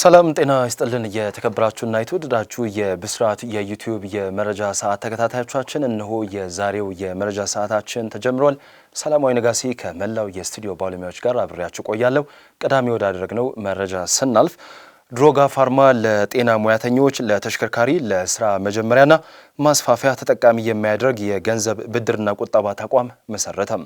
ሰላም ጤና ይስጥልን። የተከበራችሁና የተወደዳችሁ የብስራት የዩቲዩብ የመረጃ ሰዓት ተከታታዮቻችን እነሆ የዛሬው የመረጃ ሰዓታችን ተጀምሯል። ሰላማዊ ነጋሴ ከመላው የስቱዲዮ ባለሙያዎች ጋር አብሬያችሁ ቆያለሁ። ቀዳሚ ወዳደረግነው መረጃ ስናልፍ ድሮጋ ፋርማ ለጤና ሙያተኞች ለተሽከርካሪ ለስራ መጀመሪያና ማስፋፊያ ተጠቃሚ የሚያደርግ የገንዘብ ብድርና ቁጠባ ተቋም መሰረተም።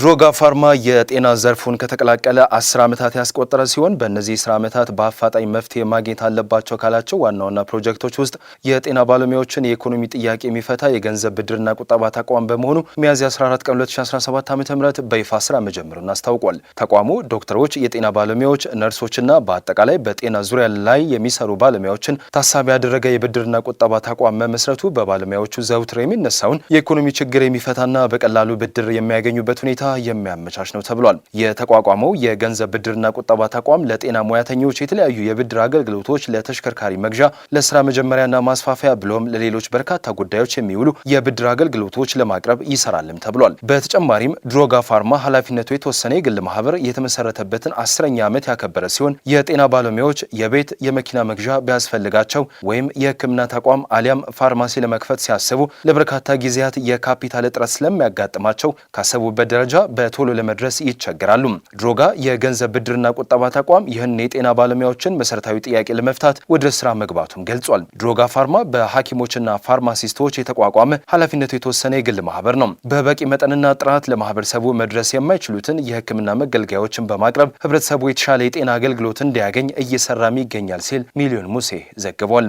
ድሮጋ ፋርማ የጤና ዘርፉን ከተቀላቀለ አስር ዓመታት ያስቆጠረ ሲሆን በእነዚህ ስራ ዓመታት በአፋጣኝ መፍትሄ ማግኘት አለባቸው ካላቸው ዋና ዋና ፕሮጀክቶች ውስጥ የጤና ባለሙያዎችን የኢኮኖሚ ጥያቄ የሚፈታ የገንዘብ ብድርና ቁጠባ ተቋም በመሆኑ ሚያዝያ 14 ቀን 2017 ዓ ም በይፋ ስራ መጀመሩን አስታውቋል። ተቋሙ ዶክተሮች፣ የጤና ባለሙያዎች፣ ነርሶችና በአጠቃላይ በጤና ዙሪያ ላይ የሚሰሩ ባለሙያዎችን ታሳቢ ያደረገ የብድርና ቁጠባ ተቋም መመስረቱ በባለሙያዎቹ ዘውትር የሚነሳውን የኢኮኖሚ ችግር የሚፈታና በቀላሉ ብድር የሚያገኙበት ሁኔታ የሚያመቻች ነው ተብሏል። የተቋቋመው የገንዘብ ብድርና ቁጠባ ተቋም ለጤና ሙያተኞች የተለያዩ የብድር አገልግሎቶች ለተሽከርካሪ መግዣ፣ ለስራ መጀመሪያና ማስፋፊያ ብሎም ለሌሎች በርካታ ጉዳዮች የሚውሉ የብድር አገልግሎቶች ለማቅረብ ይሰራልም ተብሏል። በተጨማሪም ድሮጋ ፋርማ ኃላፊነቱ የተወሰነ የግል ማህበር የተመሰረተበትን አስረኛ ዓመት ያከበረ ሲሆን የጤና ባለሙያዎች የቤት የመኪና መግዣ ቢያስፈልጋቸው ወይም የህክምና ተቋም አሊያም ፋርማሲ ለመክፈት ሲያስቡ ለበርካታ ጊዜያት የካፒታል እጥረት ስለሚያጋጥማቸው ካሰቡበት ደረጃ ደረጃ በቶሎ ለመድረስ ይቸገራሉ። ድሮጋ የገንዘብ ብድርና ቁጠባ ተቋም ይህን የጤና ባለሙያዎችን መሰረታዊ ጥያቄ ለመፍታት ወደ ስራ መግባቱን ገልጿል። ድሮጋ ፋርማ በሐኪሞችና ፋርማሲስቶች የተቋቋመ ኃላፊነቱ የተወሰነ የግል ማህበር ነው። በበቂ መጠንና ጥራት ለማህበረሰቡ መድረስ የማይችሉትን የህክምና መገልገያዎችን በማቅረብ ህብረተሰቡ የተሻለ የጤና አገልግሎት እንዲያገኝ እየሰራም ይገኛል ሲል ሚሊዮን ሙሴ ዘግቧል።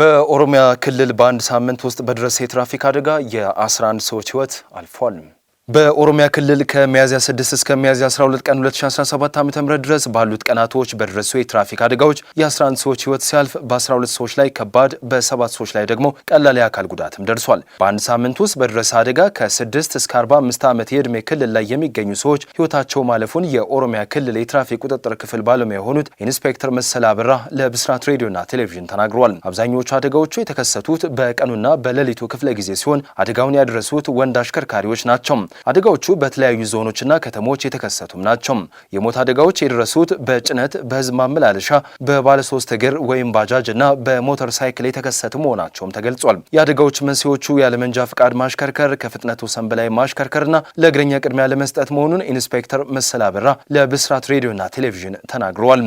በኦሮሚያ ክልል በአንድ ሳምንት ውስጥ በደረሰ የትራፊክ አደጋ የ11 ሰዎች ህይወት አልፏል። በኦሮሚያ ክልል ከሚያዝያ 6 እስከ ሚያዝያ 12 ቀን 2017 ዓ ም ድረስ ባሉት ቀናቶች በደረሱ የትራፊክ አደጋዎች የ11 ሰዎች ህይወት ሲያልፍ በ12 ሰዎች ላይ ከባድ በሰባት ሰዎች ላይ ደግሞ ቀላል የአካል ጉዳትም ደርሷል። በአንድ ሳምንት ውስጥ በደረሰ አደጋ ከ6 እስከ 45 ዓመት የዕድሜ ክልል ላይ የሚገኙ ሰዎች ህይወታቸው ማለፉን የኦሮሚያ ክልል የትራፊክ ቁጥጥር ክፍል ባለሙያ የሆኑት ኢንስፔክተር መሰል አበራ ለብስራት ሬዲዮና ቴሌቪዥን ተናግረዋል። አብዛኞቹ አደጋዎቹ የተከሰቱት በቀኑና በሌሊቱ ክፍለ ጊዜ ሲሆን አደጋውን ያደረሱት ወንድ አሽከርካሪዎች ናቸው። አደጋዎቹ በተለያዩ ዞኖችና ከተሞች የተከሰቱም ናቸው። የሞት አደጋዎች የደረሱት በጭነት፣ በህዝብ ማመላለሻ፣ በባለሶስት እግር ወይም ባጃጅ እና በሞተር ሳይክል የተከሰቱ መሆናቸውም ተገልጿል። የአደጋዎች መንስኤዎቹ ያለመንጃ ፍቃድ ማሽከርከር፣ ከፍጥነት ወሰን በላይ ማሽከርከርና ለእግረኛ ቅድሚያ ለመስጠት መሆኑን ኢንስፔክተር መሰል አበራ ለብስራት ሬዲዮና ቴሌቪዥን ተናግረዋል።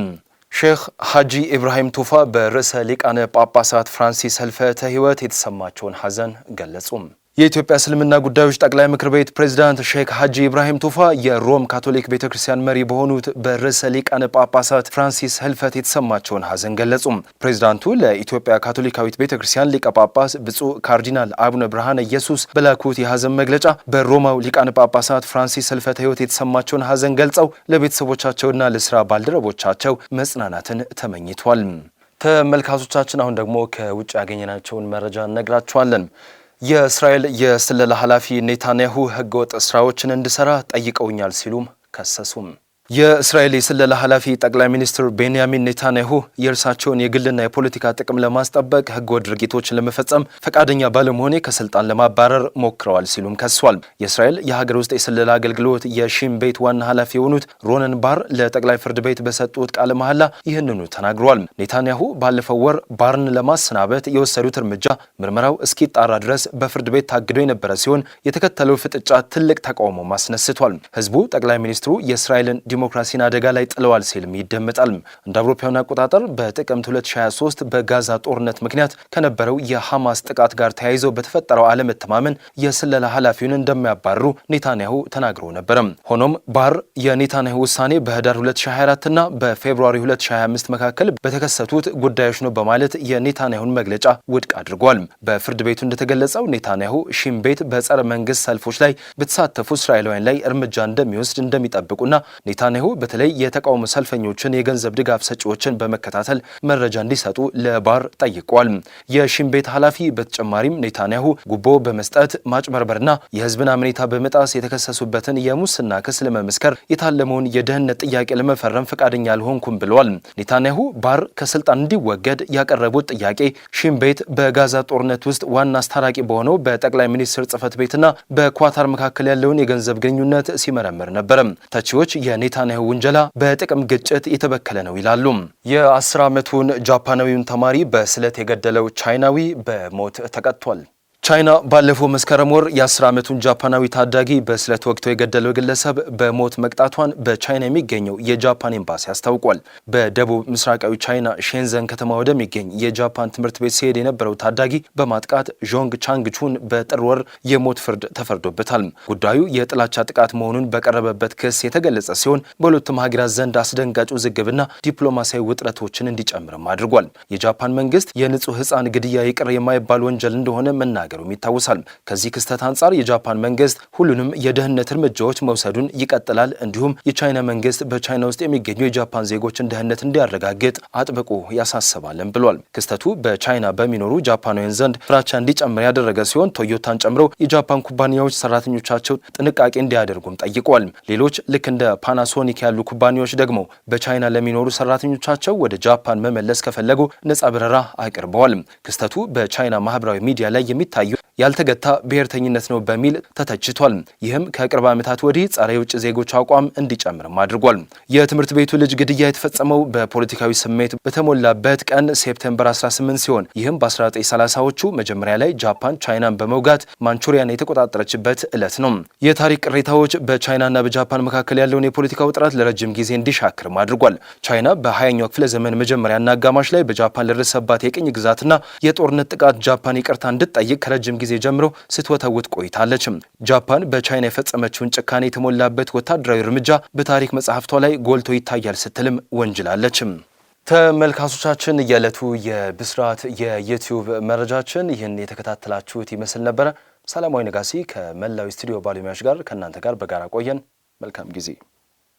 ሼክ ሐጂ ኢብራሂም ቱፋ በርዕሰ ሊቃነ ጳጳሳት ፍራንሲስ ህልፈተ ህይወት የተሰማቸውን ሐዘን ገለጹም። የኢትዮጵያ እስልምና ጉዳዮች ጠቅላይ ምክር ቤት ፕሬዝዳንት ሼክ ሀጂ ኢብራሂም ቱፋ የሮም ካቶሊክ ቤተ ክርስቲያን መሪ በሆኑት በርዕሰ ሊቃነ ጳጳሳት ፍራንሲስ ህልፈት የተሰማቸውን ሀዘን ገለጹም። ፕሬዝዳንቱ ለኢትዮጵያ ካቶሊካዊት ቤተ ክርስቲያን ሊቀ ጳጳስ ብፁዕ ካርዲናል አቡነ ብርሃነ ኢየሱስ በላኩት የሀዘን መግለጫ በሮማው ሊቃነ ጳጳሳት ፍራንሲስ ህልፈት ህይወት የተሰማቸውን ሀዘን ገልጸው ለቤተሰቦቻቸውና ለስራ ባልደረቦቻቸው መጽናናትን ተመኝቷል። ተመልካቾቻችን አሁን ደግሞ ከውጭ ያገኘናቸውን መረጃ እነግራችኋለን። የእስራኤል የስለላ ኃላፊ ኔታንያሁ ህገወጥ ስራዎችን እንድሰራ ጠይቀውኛል ሲሉም ከሰሱም። የእስራኤል የስለላ ኃላፊ ጠቅላይ ሚኒስትር ቤንያሚን ኔታንያሁ የእርሳቸውን የግልና የፖለቲካ ጥቅም ለማስጠበቅ ሕገወጥ ድርጊቶችን ለመፈጸም ፈቃደኛ ባለመሆኔ ከስልጣን ለማባረር ሞክረዋል ሲሉም ከሷል። የእስራኤል የሀገር ውስጥ የስለላ አገልግሎት የሺም ቤት ዋና ኃላፊ የሆኑት ሮነን ባር ለጠቅላይ ፍርድ ቤት በሰጡት ቃለ መሐላ ይህንኑ ተናግረዋል። ኔታንያሁ ባለፈው ወር ባርን ለማሰናበት የወሰዱት እርምጃ ምርመራው እስኪጣራ ድረስ በፍርድ ቤት ታግዶ የነበረ ሲሆን የተከተለው ፍጥጫ ትልቅ ተቃውሞ አስነስቷል። ህዝቡ ጠቅላይ ሚኒስትሩ የእስራኤልን ዲሞክራሲን አደጋ ላይ ጥለዋል ሲልም ይደመጣል። እንደ አውሮፓውያን አቆጣጠር በጥቅምት 2023 በጋዛ ጦርነት ምክንያት ከነበረው የሐማስ ጥቃት ጋር ተያይዘው በተፈጠረው አለመተማመን የስለላ ኃላፊውን እንደሚያባርሩ ኔታንያሁ ተናግረው ነበር። ሆኖም ባር የኔታንያሁ ውሳኔ በህዳር 2024 እና በፌብሩዋሪ 2025 መካከል በተከሰቱት ጉዳዮች ነው በማለት የኔታንያሁን መግለጫ ውድቅ አድርጓል። በፍርድ ቤቱ እንደተገለጸው ኔታንያሁ ሺም ቤት በጸረ መንግስት ሰልፎች ላይ በተሳተፉ እስራኤላውያን ላይ እርምጃ እንደሚወስድ እንደሚጠብቁና ኔታ ኔታንያሁ በተለይ የተቃውሞ ሰልፈኞችን የገንዘብ ድጋፍ ሰጪዎችን በመከታተል መረጃ እንዲሰጡ ለባር ጠይቋል። የሺን ቤት ኃላፊ በተጨማሪም ኔታንያሁ ጉቦ በመስጠት ማጭበርበርና የህዝብን አምኔታ በመጣስ የተከሰሱበትን የሙስና ክስ ለመመስከር የታለመውን የደህንነት ጥያቄ ለመፈረም ፈቃደኛ አልሆንኩም ብለዋል። ኔታንያሁ ባር ከስልጣን እንዲወገድ ያቀረቡት ጥያቄ ሺን ቤት በጋዛ ጦርነት ውስጥ ዋና አስታራቂ በሆነው በጠቅላይ ሚኒስትር ጽህፈት ቤትና በኳታር መካከል ያለውን የገንዘብ ግንኙነት ሲመረምር ነበረ። ተቺዎች የኔ የኔታንያሁ ውንጀላ በጥቅም ግጭት የተበከለ ነው ይላሉ። የአስር ዓመቱን ጃፓናዊውን ተማሪ በስለት የገደለው ቻይናዊ በሞት ተቀጥቷል። ቻይና ባለፈው መስከረም ወር የ10 ዓመቱን ጃፓናዊ ታዳጊ በስለት ወቅቶ የገደለው ግለሰብ በሞት መቅጣቷን በቻይና የሚገኘው የጃፓን ኤምባሲ አስታውቋል። በደቡብ ምስራቃዊ ቻይና ሼንዘን ከተማ ወደሚገኝ የጃፓን ትምህርት ቤት ሲሄድ የነበረው ታዳጊ በማጥቃት ዦንግ ቻንግቹን በጥር ወር የሞት ፍርድ ተፈርዶበታል። ጉዳዩ የጥላቻ ጥቃት መሆኑን በቀረበበት ክስ የተገለጸ ሲሆን በሁለቱም ሀገራት ዘንድ አስደንጋጭ ውዝግብና ዲፕሎማሲያዊ ውጥረቶችን እንዲጨምርም አድርጓል። የጃፓን መንግስት የንጹህ ህፃን ግድያ ይቅር የማይባል ወንጀል እንደሆነ መናገር መናገሩም ይታወሳል። ከዚህ ክስተት አንጻር የጃፓን መንግስት ሁሉንም የደህንነት እርምጃዎች መውሰዱን ይቀጥላል። እንዲሁም የቻይና መንግስት በቻይና ውስጥ የሚገኙ የጃፓን ዜጎችን ደህንነት እንዲያረጋግጥ አጥብቆ ያሳስባለን ብሏል። ክስተቱ በቻይና በሚኖሩ ጃፓናውያን ዘንድ ፍራቻ እንዲጨምር ያደረገ ሲሆን ቶዮታን ጨምሮ የጃፓን ኩባንያዎች ሰራተኞቻቸው ጥንቃቄ እንዲያደርጉም ጠይቋል። ሌሎች ልክ እንደ ፓናሶኒክ ያሉ ኩባንያዎች ደግሞ በቻይና ለሚኖሩ ሰራተኞቻቸው ወደ ጃፓን መመለስ ከፈለጉ ነጻ በረራ አቅርበዋል። ክስተቱ በቻይና ማህበራዊ ሚዲያ ላይ የሚታ you ያልተገታ ብሔርተኝነት ነው በሚል ተተችቷል። ይህም ከቅርብ ዓመታት ወዲህ ጸረ የውጭ ዜጎች አቋም እንዲጨምርም አድርጓል። የትምህርት ቤቱ ልጅ ግድያ የተፈጸመው በፖለቲካዊ ስሜት በተሞላበት ቀን ሴፕቴምበር 18 ሲሆን ይህም በ1930ዎቹ መጀመሪያ ላይ ጃፓን ቻይናን በመውጋት ማንቹሪያን የተቆጣጠረችበት ዕለት ነው። የታሪክ ቅሬታዎች በቻይናና በጃፓን መካከል ያለውን የፖለቲካ ውጥረት ለረጅም ጊዜ እንዲሻክርም አድርጓል። ቻይና በሀያኛው ክፍለ ዘመን መጀመሪያና አጋማሽ ላይ በጃፓን ለደረሰባት የቅኝ ግዛትና የጦርነት ጥቃት ጃፓን ይቅርታ እንድትጠይቅ ከረጅም ጊዜ ጀምሮ ስትወተውት ቆይታለች። ጃፓን በቻይና የፈጸመችውን ጭካኔ የተሞላበት ወታደራዊ እርምጃ በታሪክ መጽሐፍቷ ላይ ጎልቶ ይታያል ስትልም ወንጅላለች። ተመልካቾቻችን የዕለቱ የብስራት የዩትዩብ መረጃችን ይህን የተከታተላችሁት ይመስል ነበረ። ሰላማዊ ነጋሲ ከመላዊ ስቱዲዮ ባለሙያዎች ጋር ከእናንተ ጋር በጋራ ቆየን። መልካም ጊዜ